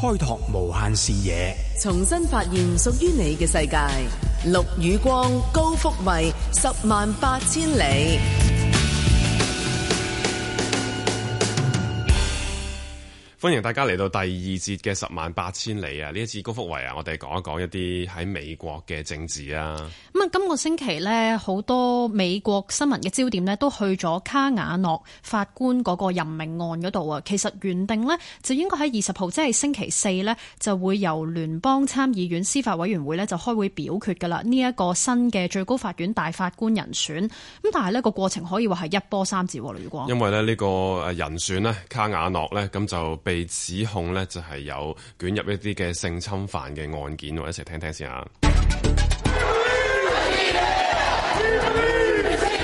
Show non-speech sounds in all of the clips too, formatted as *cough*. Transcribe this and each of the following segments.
開拓無限視野，重新發現屬於你嘅世界。陸宇光，高福慧，十萬八千里。歡迎大家嚟到第二節嘅十萬八千里啊！呢一次高福維啊，我哋講一講一啲喺美國嘅政治啊。咁啊，嗯，今個星期呢，好多美國新聞嘅焦點呢都去咗卡瓦諾法官嗰個任命案嗰度啊。其實原定呢，就應該喺二十號，即係星期四呢，就會由聯邦參議院司法委員會呢就開會表決㗎啦。呢一個新嘅最高法院大法官人選咁，但係呢個過程可以話係一波三折喎。如果因為呢呢個人選呢，卡瓦諾呢，咁就被，被指控呢就係有捲入一啲嘅性侵犯嘅案件，我一齊聽聽先下。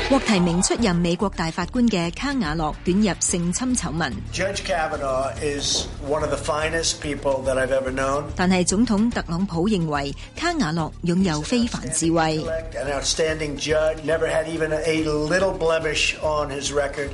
獲提名出任美國大法官嘅卡瓦諾捲入性侵醜聞。Judge Kavanaugh is one of the finest people that I've ever known. 但係總統特朗普認為卡瓦諾擁有非凡智慧。An outstanding judge, never had even a little blemish on his record.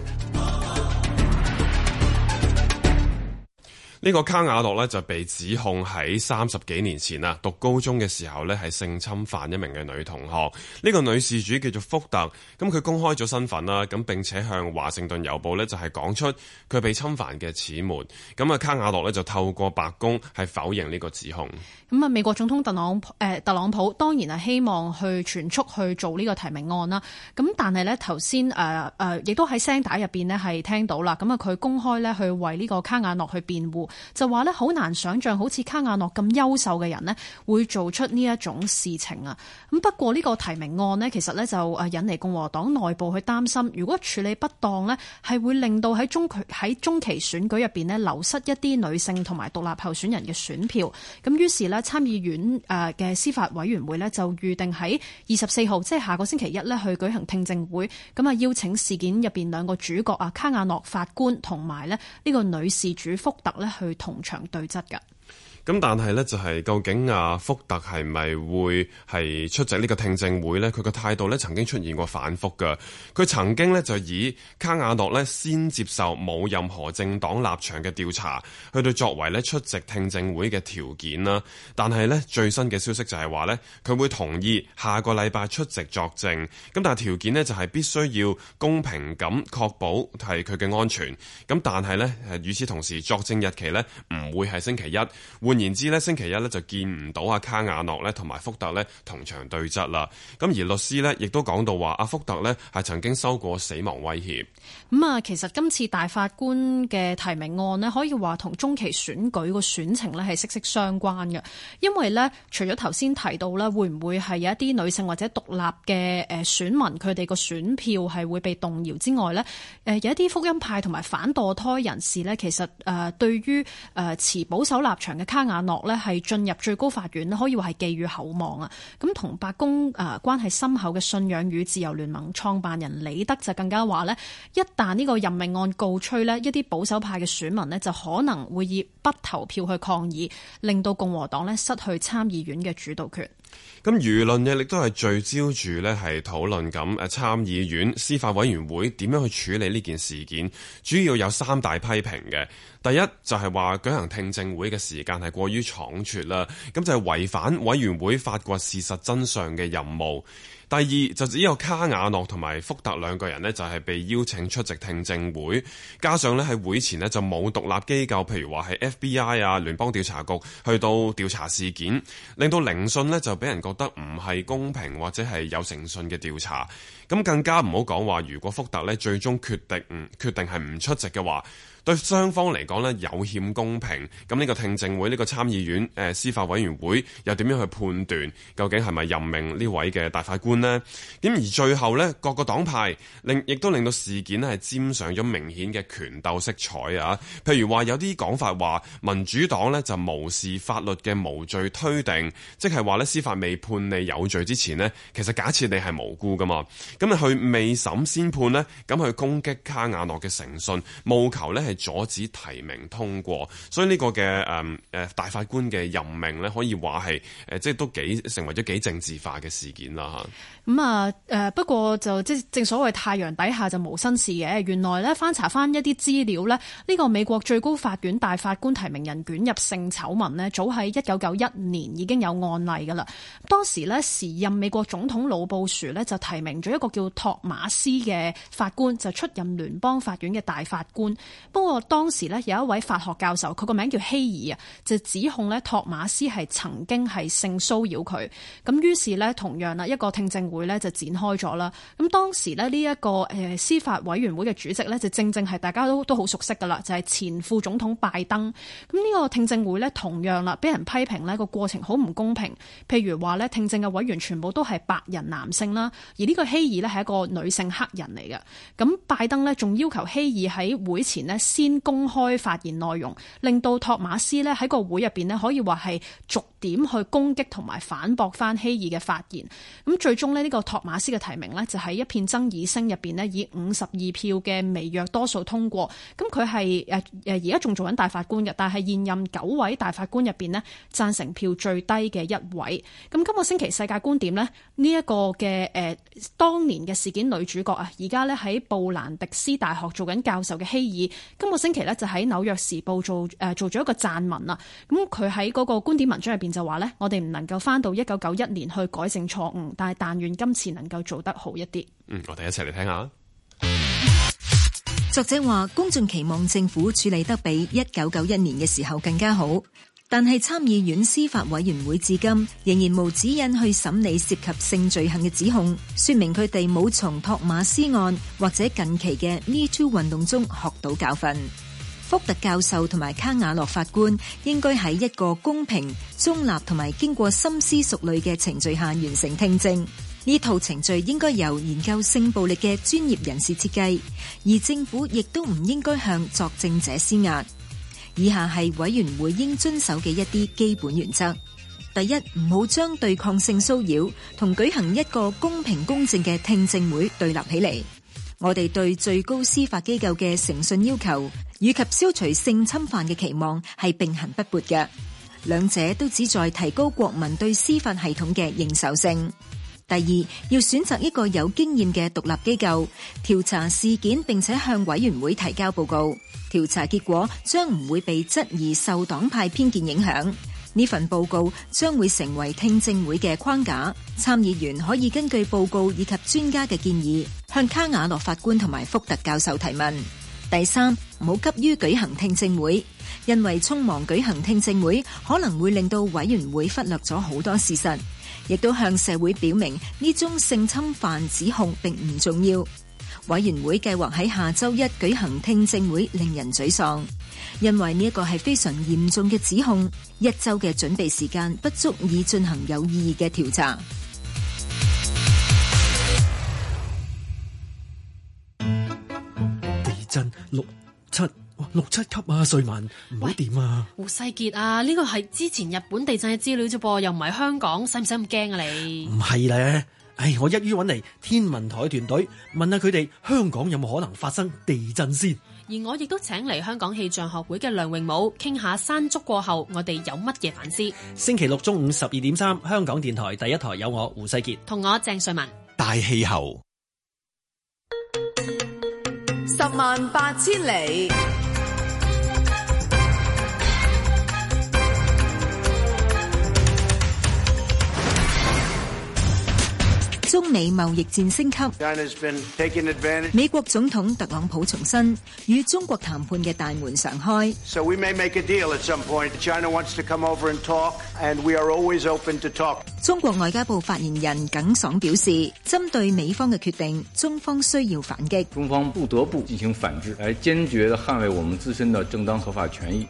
呢個卡瓦諾呢就被指控喺三十幾年前啊讀高中嘅時候呢係性侵犯一名嘅女同學。呢、這個女事主叫做福特，咁佢公開咗身份啦，咁並且向華盛頓郵報呢就係講出佢被侵犯嘅始末。咁啊卡瓦諾呢就透過白宮係否認呢個指控。咁啊美國總統特朗普誒、呃、特朗普當然係希望去全速去做呢個提名案啦。咁但係呢頭先誒誒亦都喺聲帶入邊呢係聽到啦。咁啊佢公開呢去為呢個卡瓦諾去辯護。就話呢，好難想象好似卡瓦諾咁優秀嘅人呢，會做出呢一種事情啊！咁不過呢個提名案呢，其實呢就誒引嚟共和黨內部去擔心，如果處理不當呢，係會令到喺中期喺中期選舉入邊呢流失一啲女性同埋獨立候選人嘅選票。咁於是呢，參議院誒嘅司法委員會呢，就預定喺二十四號，即係下個星期一呢，去舉行聽證會。咁啊，邀請事件入邊兩個主角啊，卡瓦諾法官同埋呢呢個女事主福特呢去同場對質㗎。咁但係呢就係、是、究竟阿、啊、福特係咪會係出席呢個聽證會呢？佢個態度呢曾經出現過反覆噶。佢曾經呢就以卡瓦諾呢先接受冇任何政黨立場嘅調查，去到作為呢出席聽證會嘅條件啦。但係呢最新嘅消息就係話呢佢會同意下個禮拜出席作證。咁但係條件呢就係、是、必須要公平咁確保係佢嘅安全。咁但係呢誒與此同時作證日期呢唔會係星期一換。言之咧，星期一咧就見唔到阿卡瓦諾咧同埋福特咧同場對質啦。咁而律師咧亦都講到話阿福特咧係曾經收過死亡威脅。咁啊，其實今次大法官嘅提名案咧，可以話同中期選舉個選情咧係息息相關嘅，因為咧除咗頭先提到咧會唔會係有一啲女性或者獨立嘅誒選民佢哋個選票係會被動搖之外咧，誒有一啲福音派同埋反墮胎人士咧，其實誒對於誒持保守立場嘅卡亞諾咧係進入最高法院咧可以話係寄予厚望啊！咁同白宮啊關係深厚嘅信仰與自由聯盟創辦人李德就更加話呢，一旦呢個任命案告吹呢，一啲保守派嘅選民呢，就可能會以不投票去抗議，令到共和黨呢失去參議院嘅主導權。咁輿論嘅亦都係聚焦住呢係討論咁參議院司法委員會點樣去處理呢件事件，主要有三大批評嘅。第一就係話舉行聽證會嘅時間係過於倉促啦，咁就係違反委員會發掘事實真相嘅任務。第二就只有卡瓦諾同埋福特兩個人呢，就係被邀請出席聽證會，加上呢，喺會前呢，就冇獨立機構，譬如話係 FBI 啊聯邦調查局去到調查事件，令到聆訊呢，就俾人覺得唔係公平或者係有誠信嘅調查，咁更加唔好講話，如果福特呢最終決定決定係唔出席嘅話。對雙方嚟講呢，有欠公平，咁呢個聽證會、呢、呢個參議院、呃、司法委員會又點樣去判斷究竟係咪任命呢位嘅大法官呢？咁而最後呢，各個黨派令亦都令到事件呢係沾上咗明顯嘅權鬥色彩啊！譬如話有啲講法話民主黨呢就無視法律嘅無罪推定，即係話呢司法未判你有罪之前呢，其實假設你係無辜噶嘛，咁你去未審先判呢，咁去攻擊卡瓦諾嘅誠信，務求呢係，阻止提名通過，所以呢個嘅誒誒大法官嘅任命呢，可以話係誒，即係都幾成為咗幾政治化嘅事件啦。嚇咁、嗯、啊誒、呃，不過就即正所謂太陽底下就無新事嘅。原來呢，翻查返一啲資料呢，呢、呢個美國最高法院大法官提名人捲入性醜聞呢，早喺一九九一年已經有案例㗎啦。當時呢，時任美國總統老布殊呢，就提名咗一個叫托馬斯嘅法官，就出任聯邦法院嘅大法官。不過當時咧，有一位法學教授，佢個名叫希爾啊，就指控咧托馬斯係曾經係性騷擾佢。咁於是咧，同樣啦，一個聽證會咧就展開咗啦。咁當時咧，呢一個誒司法委員會嘅主席咧，就正正係大家都都好熟悉噶啦，就係、是、前副總統拜登。咁、這、呢個聽證會咧，同樣啦，俾人批評咧個過程好唔公平。譬如話咧，聽證嘅委員全部都係白人男性啦，而呢個希爾咧係一個女性黑人嚟嘅。咁拜登呢，仲要求希爾喺會前呢先公開發言內容，令到托馬斯咧喺個會入邊咧，可以話係逐點去攻擊同埋反駁翻希爾嘅發言。咁最終咧，呢個托馬斯嘅提名呢，就喺一片爭議聲入邊咧，以五十二票嘅微弱多數通過。咁佢係誒誒，而家仲做緊大法官嘅，但係現任九位大法官入邊呢，贊成票最低嘅一位。咁今個星期世界觀點呢，呢一個嘅誒當年嘅事件女主角啊，而家呢喺布蘭迪斯大學做緊教授嘅希爾。今個星期咧就喺《紐約時報》做誒做咗一個撰文啦，咁佢喺嗰個觀點文章入邊就話呢，我哋唔能夠翻到一九九一年去改正錯誤，但係但願今次能夠做得好一啲。嗯，我哋一齊嚟聽下。作者話，公眾期望政府處理得比一九九一年嘅時候更加好。但係參議院司法委員會至今仍然無指引去審理涉及性罪行嘅指控，說明佢哋冇從托馬斯案或者近期嘅 Me Too 運動中學到教訓。福特教授同埋卡瓦諾法官應該喺一個公平、中立同埋經過深思熟慮嘅程序下完成聽證。呢套程序應該由研究性暴力嘅專業人士設計，而政府亦都唔應該向作證者施壓。以下係委員會應遵守嘅一啲基本原則。第一，唔好將對抗性騷擾同舉行一個公平公正嘅聽證會對立起嚟。我哋對最高司法機構嘅誠信要求，以及消除性侵犯嘅期望係並行不悖嘅，兩者都旨在提高國民對司法系統嘅認受性。第二，要選擇一個有經驗嘅獨立機構調查事件，並且向委員會提交報告，調查結果將唔會被質疑受黨派偏見影響，呢份報告將會成為聽證會嘅框架，參議員可以根據報告以及專家嘅建議向卡瓦諾法官同埋福特教授提問。第三，唔好急於舉行聽證會，因為匆忙舉行聽證會可能會令到委員會忽略咗好多事實，亦都向社會表明呢宗性侵犯指控並唔重要。委員會計劃喺下周一舉行聽證會，令人沮喪，因為呢一個係非常嚴重嘅指控。一周嘅準備時間不足以進行有意義嘅調查。地震六七哇，六七級啊！瑞文唔好掂啊！胡世杰啊，呢個係之前日本地震嘅資料啫噃，又唔係香港，使唔使咁驚啊你？你唔係咧。唉，我一於揾嚟天文台嘅團隊問下佢哋香港有冇可能發生地震先。而我亦都請嚟香港氣象學會嘅梁榮武傾下山竹過後我哋有乜嘢反思。星期六中午十二點三，香港電台第一台有我胡世杰同我鄭瑞文大氣候十萬八千里。中美貿易戰升級，美國總統特朗普重申與中國談判嘅大門常開。So we may make a deal at some point. China wants to come over and talk, and we are always open to talk. 中國外交部發言人耿爽表示，針對美方嘅決定，中方需要反擊。中方不得不進行反制，來堅決的捍衛我們自身的正當合法權益。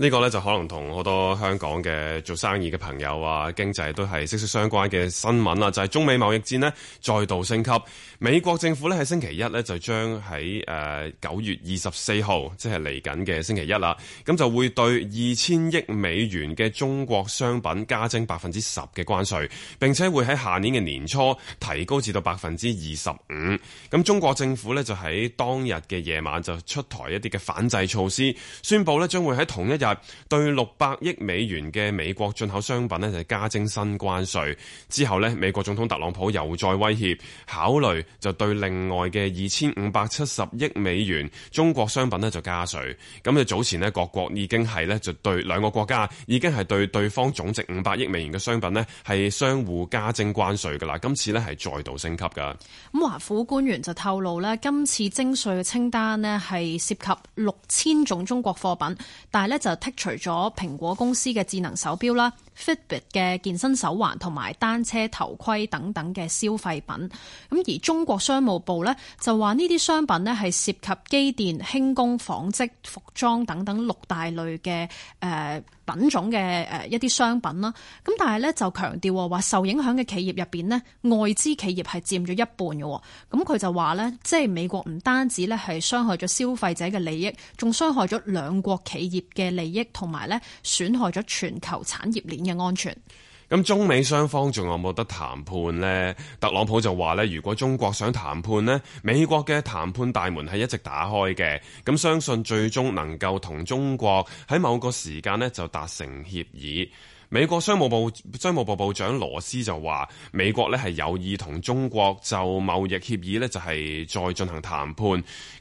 呢個咧，就可能同好多香港嘅做生意嘅朋友啊、經濟都係息息相關嘅新聞啦，就係中美貿易戰咧再度升級。美國政府咧喺星期一咧就將喺誒九月二十四號即係嚟緊嘅星期一啦，咁就會對二千億美元嘅中國商品加徵百分之十嘅關稅，並且會喺下年嘅年初提高至到百分之二十五。咁中國政府咧就喺當日嘅夜晚就出台一啲嘅反制措施，宣布咧將會喺同一日。對六百億美元嘅美國進口商品呢就加徵新關稅，之後呢，美國總統特朗普又再威脅考慮就對另外嘅二千五百七十億美元中國商品呢就加稅。咁就早前呢，各國已經係呢，就對兩個國家已經係對對方總值五百億美元嘅商品呢係相互加徵關稅噶啦，今次呢係再度升級噶。咁華府官員就透露呢今次徵稅嘅清單呢係涉及六千種中國貨品，但係呢就。剔除咗蘋果公司嘅智能手錶啦。Fitbit 嘅健身手環同埋單車頭盔等等嘅消費品，咁而中國商務部呢，就話呢啲商品呢係涉及機電、輕工、紡織、服裝等等六大類嘅、呃、品種嘅一啲商品啦。咁但係呢，就強調話受影響嘅企業入面呢，外資企業係佔咗一半嘅。咁佢就話呢，即係美國唔單止呢係傷害咗消費者嘅利益，仲傷害咗兩國企業嘅利益，同埋呢損害咗全球產業鏈。嘅安全。咁中美雙方仲有冇得談判咧？特朗普就話咧，如果中國想談判咧，美國嘅談判大門係一直打開嘅。咁相信最終能夠同中國喺某個時間咧就達成協議。美國商務部商務部部長羅斯就話：美國呢係有意同中國就貿易協議呢就係再進行談判。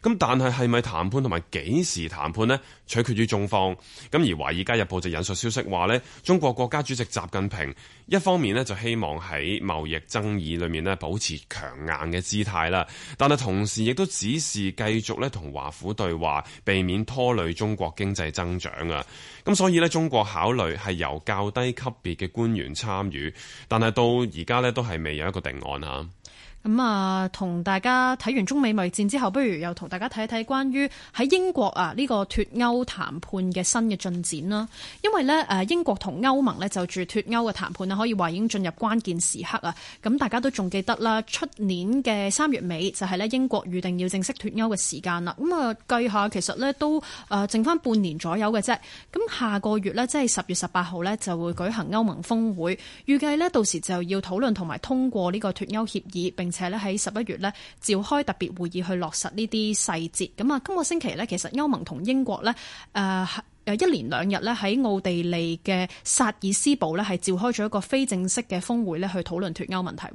咁但係係咪談判同埋幾時談判呢？取決於中方。咁而《華爾街日報》就引述消息話呢，中國國家主席習近平。一方面呢，就希望喺貿易爭議裏面呢，保持強硬嘅姿態啦，但係同時亦都指示繼續咧同華府對話，避免拖累中國經濟增長啊。咁所以呢，中國考慮係由較低級別嘅官員參與，但係到而家呢，都係未有一個定案嚇。咁啊，同、嗯、大家睇完中美貿易戰之後，不如又同大家睇睇關於喺英國啊呢個脫歐談判嘅新嘅進展啦。因為咧，誒英國同歐盟咧就住脫歐嘅談判啊，可以話已經進入關鍵時刻啊。咁大家都仲記得啦，出年嘅三月尾就係咧英國預定要正式脫歐嘅時間啦。咁啊，計下其實咧都誒剩翻半年左右嘅啫。咁下個月咧，即係十月十八號咧就會舉行歐盟峰會，預計咧到時就要討論同埋通過呢個脫歐協議並且咧喺十一月咧召開特別會議去落實呢啲細節。咁啊，今個星期咧，其實歐盟同英國咧誒。呃一連兩日咧，喺奧地利嘅薩爾斯堡呢係召開咗一個非正式嘅峰會呢去討論脱歐問題。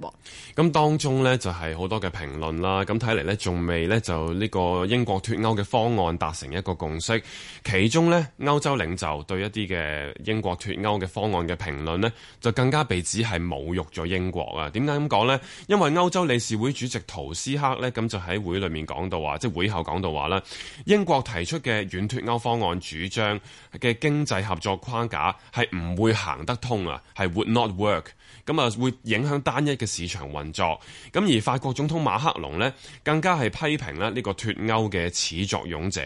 咁當中呢，就係好多嘅評論啦。咁睇嚟呢，仲未呢，就呢個英國脱歐嘅方案達成一個共識。其中呢，歐洲領袖對一啲嘅英國脱歐嘅方案嘅評論呢，就更加被指係侮辱咗英國啊！點解咁講呢？因為歐洲理事會主席圖斯克呢，咁就喺會裏面講到話，即係會後講到話咧，英國提出嘅軟脱歐方案主張嘅經濟合作框架係唔會行得通啊，係 would not work。咁啊，會影響單一嘅市場運作。咁而法國總統馬克龍呢，更加係批評呢個脱歐嘅始作俑者，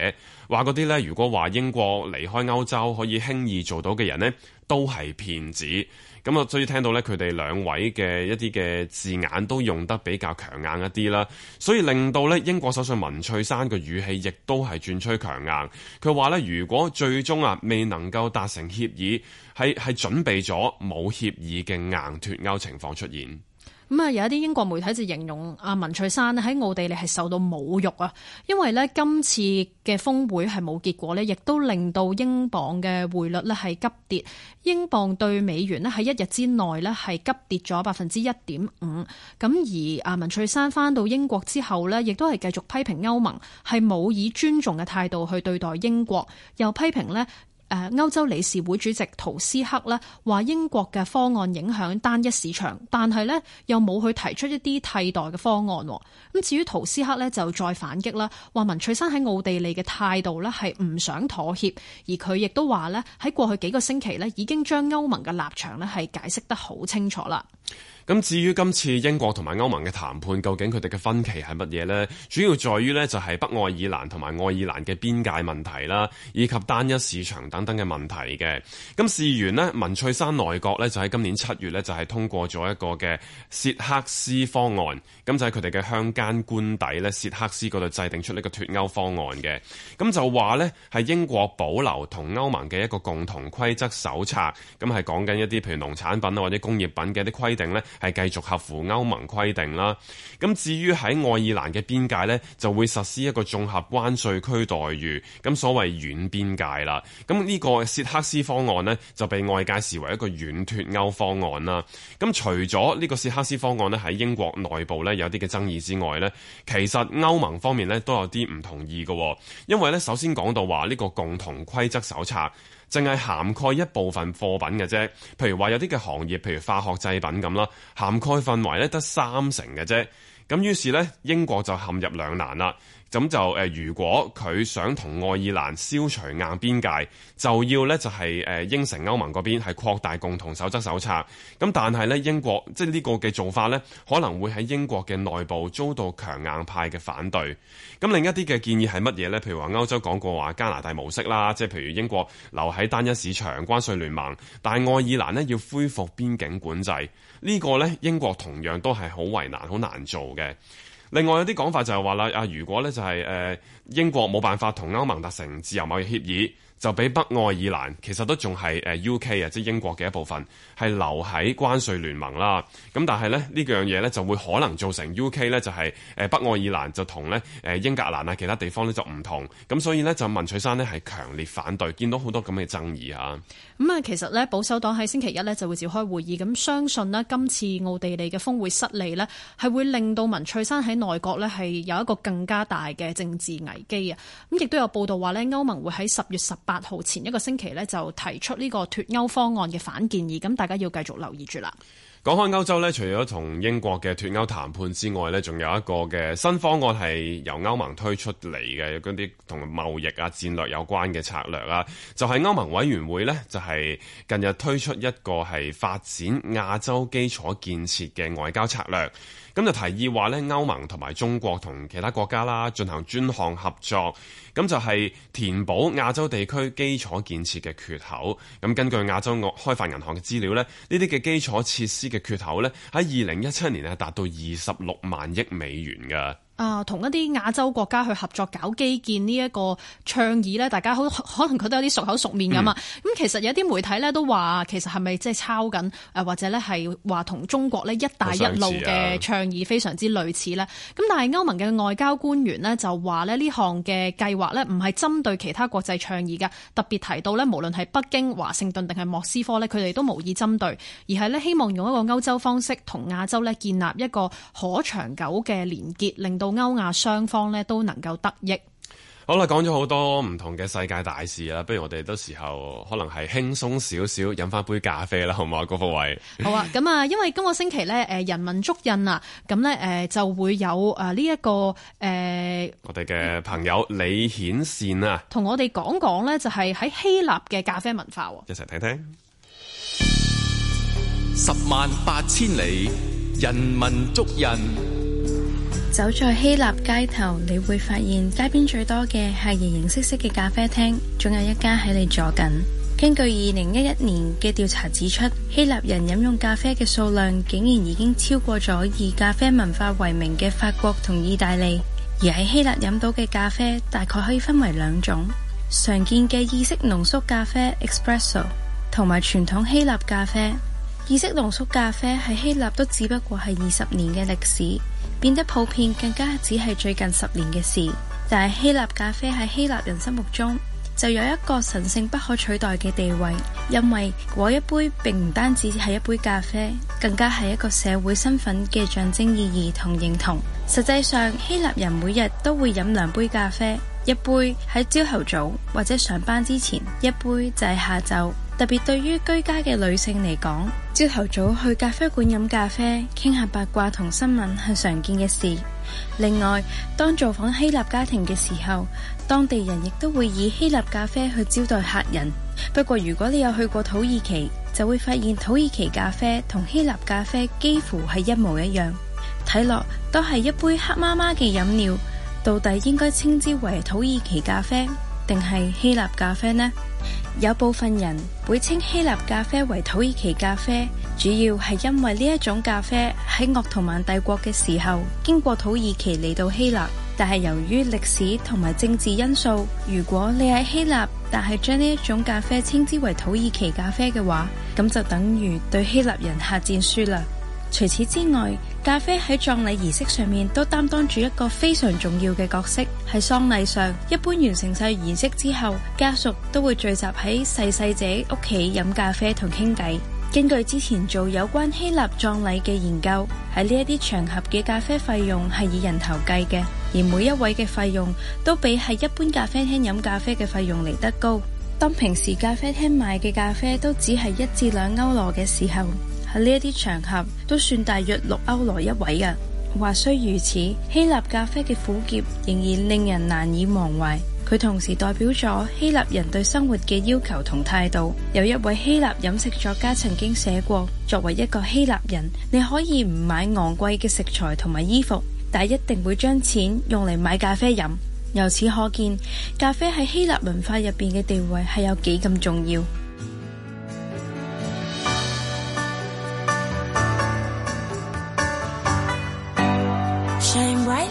話嗰啲呢，如果話英國離開歐洲可以輕易做到嘅人呢，都係騙子。咁啊，所以聽到呢，佢哋兩位嘅一啲嘅字眼都用得比較強硬一啲啦。所以令到呢英國首相文翠珊嘅語氣亦都係轉趨強硬。佢話呢，如果最終啊未能夠達成協議。係係準備咗冇協議嘅硬脫歐情況出現。咁啊、嗯，有一啲英國媒體就形容阿文翠珊喺奧地利係受到侮辱啊，因為呢今次嘅峰會係冇結果呢，亦都令到英鎊嘅匯率呢係急跌，英鎊對美元呢喺一日之內呢係急跌咗百分之一點五。咁而阿文翠珊翻到英國之後呢，亦都係繼續批評歐盟係冇以尊重嘅態度去對待英國，又批評呢。誒，歐洲理事會主席圖斯克呢話英國嘅方案影響單一市場，但係呢又冇去提出一啲替代嘅方案。咁至於圖斯克呢就再反擊啦，話文翠珊喺奧地利嘅態度呢係唔想妥協，而佢亦都話呢喺過去幾個星期呢已經將歐盟嘅立場呢係解釋得好清楚啦。咁至於今次英國同埋歐盟嘅談判，究竟佢哋嘅分歧係乜嘢呢？主要在於呢，就係北愛爾蘭同埋愛爾蘭嘅邊界問題啦，以及單一市場等等嘅問題嘅。咁事緣呢，文翠珊內閣呢，就喺今年七月呢，就係通過咗一個嘅塞克斯方案，咁就係佢哋嘅鄉間官邸呢，塞克斯嗰度制定出呢個脱歐方案嘅。咁就話呢，係英國保留同歐盟嘅一個共同規則手冊，咁係講緊一啲譬如農產品啊或者工業品嘅一啲規定呢。係繼續合乎歐盟規定啦。咁至於喺愛爾蘭嘅邊界呢，就會實施一個綜合關稅區待遇。咁所謂軟邊界啦。咁呢個薛克斯方案呢，就被外界視為一個軟脱歐方案啦。咁除咗呢個薛克斯方案呢，喺英國內部呢有啲嘅爭議之外呢，其實歐盟方面呢都有啲唔同意嘅，哦。因為呢，首先講到話呢，呢個共同規則手冊。淨係涵蓋一部分貨品嘅啫，譬如話有啲嘅行業，譬如化學製品咁啦，涵蓋範圍咧得三成嘅啫。咁於是呢，英國就陷入兩難啦。咁就誒，如果佢想同愛爾蘭消除硬邊界，就要呢就係誒應承歐盟嗰邊係擴大共同守則手冊。咁但係呢，英國即係呢個嘅做法呢，可能會喺英國嘅內部遭到強硬派嘅反對。咁另一啲嘅建議係乜嘢呢？譬如話歐洲講過話加拿大模式啦，即係譬如英國留喺單一市場關稅聯盟，但愛爾蘭呢要恢復邊境管制。呢、呢個呢，英國同樣都係好為難，好難做嘅。另外有啲講法就係話啦，啊，如果咧就係誒英國冇辦法同歐盟達成自由貿易協議。就畀北愛爾蘭其實都仲係 U K 啊，即係英國嘅一部分係留喺關稅聯盟啦。咁但係呢呢樣嘢呢，就會可能造成 U K 呢就係誒北愛爾蘭就同呢誒英格蘭啊其他地方呢就唔同。咁所以呢，就文翠珊呢係強烈反對，見到好多咁嘅爭議嚇。咁啊，其實呢，保守黨喺星期一呢就會召開會議，咁相信呢，今次奧地利嘅峰會失利呢，係會令到文翠珊喺內閣呢係有一個更加大嘅政治危機啊。咁亦都有報道話呢，歐盟會喺十月十八號前一個星期呢，就提出呢個脱歐方案嘅反建議，咁大家要繼續留意住啦。講開歐洲咧，除咗同英國嘅脱歐談判之外咧，仲有一個嘅新方案係由歐盟推出嚟嘅，有嗰啲同貿易啊、戰略有關嘅策略啦、啊。就係、是、歐盟委員會呢就係、是、近日推出一個係發展亞洲基礎建設嘅外交策略。咁就提議話呢，歐盟同埋中國同其他國家啦，進行專項合作。咁就係填補亞洲地區基礎建設嘅缺口。咁根據亞洲開發銀行嘅資料呢，呢啲嘅基礎設施嘅缺口咧喺二零一七年啊，達到二十六萬億美元噶。啊，同一啲亞洲國家去合作搞基建呢，一個倡議呢，大家好可能佢都有啲熟口熟面咁啊。咁、嗯、其實有啲媒體呢都話，其實係咪即係抄緊誒，或者呢係話同中國呢一帶一路嘅倡議非常之類似呢？咁、啊、但係歐盟嘅外交官員呢，就話呢：「呢項嘅計劃呢，唔係針對其他國際倡議嘅，特別提到呢，無論係北京、華盛頓定係莫斯科呢佢哋都無意針對，而係呢，希望用一個歐洲方式同亞洲呢建立一個可長久嘅連結，令到到歐亞雙方咧都能夠得益好了。好啦，講咗好多唔同嘅世界大事啦，不如我哋到時候可能係輕鬆少少，飲翻杯咖啡啦，那個、 *laughs* 好唔好啊？高福偉。好啊，咁啊，因為今個星期咧，誒，人文足印啊，咁咧，誒，就會有誒呢一個誒，呃、我哋嘅朋友李衍蒨啊，同我哋講講咧，就係喺希臘嘅咖啡文化，一齊聽聽。十萬八千里，人文足印。走在希臘街頭，你會發現街邊最多嘅係形形色色嘅咖啡廳，仲有一家喺你坐緊。根據二零一一年嘅調查指出，希臘人飲用咖啡嘅數量竟然已經超過咗以咖啡文化為名嘅法國同意大利。而喺希臘飲到嘅咖啡大概可以分為兩種，常見嘅意式濃縮咖啡 （Espresso） 同埋傳統希臘咖啡。意式濃縮咖啡喺希臘都只不過係二十年嘅歷史。變得普遍更加只係最近十年嘅事，但係希臘咖啡喺希臘人心目中就有一個神聖不可取代嘅地位，因為嗰一杯並唔單止係一杯咖啡，更加係一個社會身份嘅象徵意義同認同。實際上，希臘人每日都會飲兩杯咖啡，一杯喺朝頭早或者上班之前，一杯就係下晝。特別對於居家嘅女性嚟講，朝頭早去咖啡館飲咖啡，傾下八卦同新聞係常見嘅事。另外，當造訪希臘家庭嘅時候，當地人亦都會以希臘咖啡去招待客人。不過，如果你有去過土耳其，就會發現土耳其咖啡同希臘咖啡幾乎係一模一樣。睇落都係一杯黑麻麻嘅飲料，到底應該稱之為土耳其咖啡定係希臘咖啡呢？有部分人會稱希臘咖啡為土耳其咖啡，主要係因為呢一種咖啡喺鄂圖曼帝國嘅時候經過土耳其嚟到希臘，但係由於歷史同埋政治因素，如果你喺希臘，但係將呢一種咖啡稱之為土耳其咖啡嘅話，咁就等於對希臘人下戰書啦。除此之外，咖啡喺葬禮儀式上面都擔當住一個非常重要嘅角色。喺喪禮上，一般完成晒儀式之後，家屬都會聚集喺逝世者屋企飲咖啡同傾偈。根據之前做有關希臘葬禮嘅研究，喺呢一啲場合嘅咖啡費用係以人頭計嘅，而每一位嘅費用都比喺一般咖啡廳飲咖啡嘅費用嚟得高。當平時咖啡廳賣嘅咖啡都只係一至兩歐羅嘅時候，呢一啲場合都算大約六歐羅一位嘅。話雖如此，希臘咖啡嘅苦澀仍然令人難以忘懷。佢同時代表咗希臘人對生活嘅要求同態度。有一位希臘飲食作家曾經寫過：作為一個希臘人，你可以唔買昂貴嘅食材同埋衣服，但一定會將錢用嚟買咖啡飲。由此可見，咖啡喺希臘文化入面嘅地位係有幾咁重要。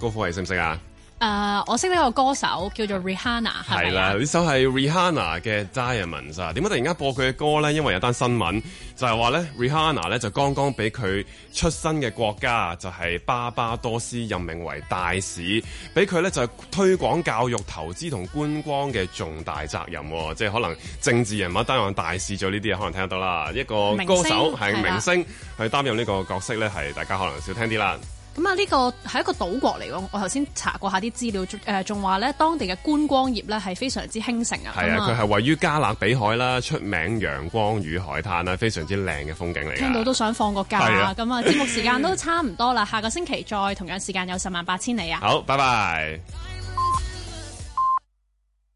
高科係識唔、uh, 識啊？我識呢個歌手叫做 Rihanna 係咪？係啦，呢首係 Rihanna 嘅 Diamonds 啊！點解突然間播佢嘅歌咧？因為有單新聞、嗯、就係話咧，Rihanna 咧就剛剛俾佢出身嘅國家就係、是、巴巴多斯任命為大使，俾佢咧就係、是、推廣教育、投資同觀光嘅重大責任、哦。即係可能政治人物擔任大使做呢啲嘢，可能聽得到啦。一個歌手係明星是、啊、去擔任呢個角色咧，係大家可能少聽啲啦。咁啊，呢個係一個島國嚟喎，我頭先查過下啲資料，誒仲話咧當地嘅觀光業咧係非常之興盛啊。係啊樣，佢係位於加勒比海啦，出名陽光與海灘啦，非常之靚嘅風景嚟嘅。聽到都想放個假啊！咁啊，節目時間都差唔多啦， *laughs* 下個星期再同樣時間有十萬八千里啊。好，拜拜。